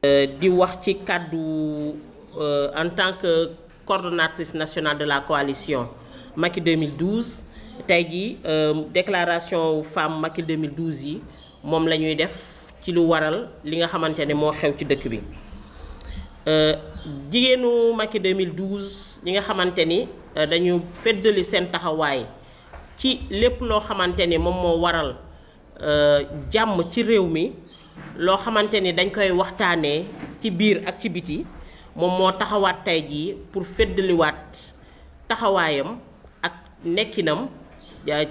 Euh, di wax ci kàddu euh, en tant que coordonnatrice nationale de la coalition Macky 2012 tey jii euh, déclaration wu femme Macky 2012 yi moom la ñuy def ci lu waral li nga xamante ni moo xew ci dëkk bi jigéenu Macky 2012 li nga xamante ni dañu feddali seen taxawaay ci lépp loo xamante ni moom moo waral jàmm ci réew mi loo xamante ni dañ koy waxtaanee ci biir ak ci biti moom moo taxawaat tey jii pour feddaliwaat taxawaayam ak nekkinam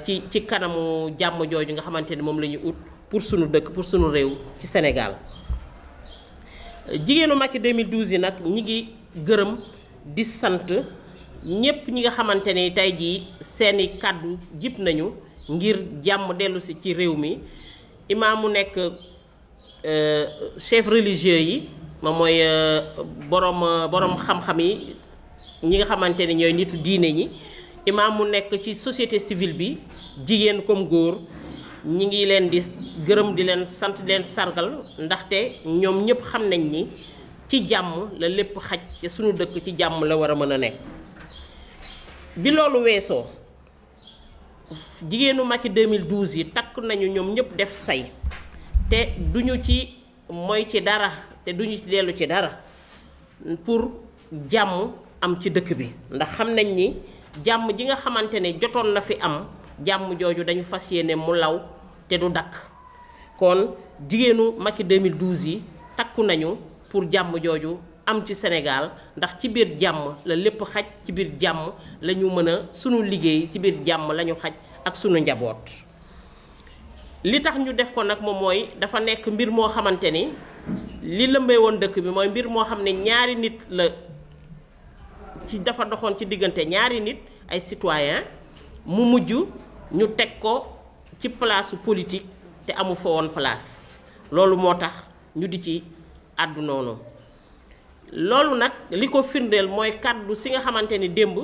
ci ci kanamu jàmm jooju nga xamante ni moom lañuy ut pour sunu dëkk pour sunu réew ci senegal jigéenu Macky 2012 yi nag ñi ngi gërëm di sant ñépp ñi nga xamante ni tey jii seeni kàddu jib nañu ngir jàmm dellusi ci réew mi imaamu nekk Euh, chef religieux yi moom mooy borom euh, borom euh, xam-xam yi ñi nga xamante ne ñooy nitu diine ñi imaam mu nekk ci société civile bi jigéen comme góor ñi ngi leen di gërëm di leen sant di leen sargal ndaxte ñoom ñëpp xam nañ ni ci jàmm la lépp xaj te suñu dëkk ci jàmm la war a mën a nekk bi loolu weesoo jigéenu Macky 2012 yi takk nañu ñoom ñëpp def say te duñu ci mooy ci dara te duñu ci dellu ci dara pour jàmm am ci dëkk bi ndax xam nañ ni jàmm ji nga xamante ne jotoon na fi am jàmm jooju dañu fas yéene mu law te du dakk kon jigéenu Macky 2012 yi takku nañu pour jàmm jooju am ci senegal ndax ci biir jàmm la lépp xaj ci biir jàmm lañu ñu mën a sunu liggéey ci biir jàmm la ñu xaj ak sunu njaboot li tax ñu def ko nag moom mooy dafa nekk mbir moo xamante ni li lëmbee dëkk bi mooy mbir moo xam ne ñaari nit la ci dafa doxoon ci diggante ñaari nit ay citoyen mu mujj ñu teg ko ci palaasu politique te amu fa woon place loolu moo tax ñu di ci àddunoonu loolu nag li ko firndeel mooy kàddu si nga xamante ni démb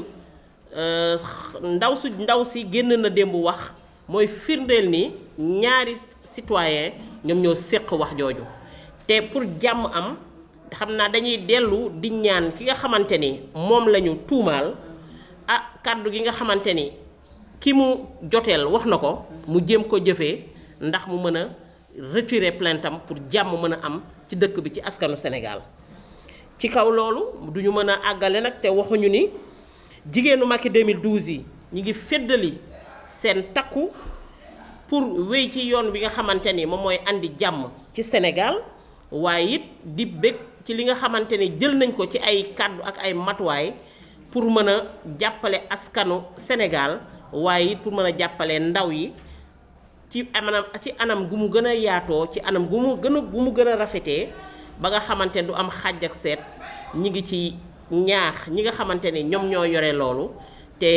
euh, ndaw su ndaw si génn na démb wax mooy firndeel ni ñaari citoyen ñoom ñoo séq wax jooju te pour jàmm am xam naa dañuy dellu di ñaan ki nga xamante ni moom lañu ñu tuumaal ah kàddu gi nga xamante ni ki mu joteel wax na ko mu jéem ko jëfe ndax mu mën a retirer plainte pour jàmm mën a am ci dëkk bi ci askanu Sénégal ci kaw loolu duñu mën a àggale nag te waxuñu ni jigéenu Macky 2012 yi ñu ngi feddali seen takku pour wéy ci yoon bi nga xamante ni moom mooy andi jàmm ci senegal waaye it di bëgg ci li nga xamante ni jël nañ ko ci ay kàddu ak ay matuwaay pour mën a jàppale askanu Sénégal waaye it pour mën a jàppale ndaw yi ci anam ci anam gu mu gën a yaatoo ci anam gu mu gën a gu mu gën a rafetee ba nga xamante ni du am xàjj ak seet ñi ngi ci ñaax ñi nga xamante ni ñoom ñoo yore loolu te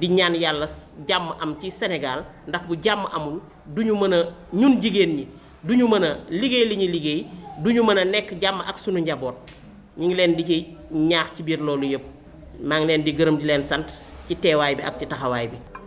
di ñaan yàlla jàmm am ci Sénégal ndax bu jàmm amul du ñu mën a ñun jigéen ñi du ñu mën a liggéey li ñuy liggéey du ñu mën a nekk jàmm ak sunu njaboot ñu ngi leen di ci ñaax ci biir loolu yëpp maa ngi leen di gërëm di leen sant ci teewaay bi ak ci taxawaay bi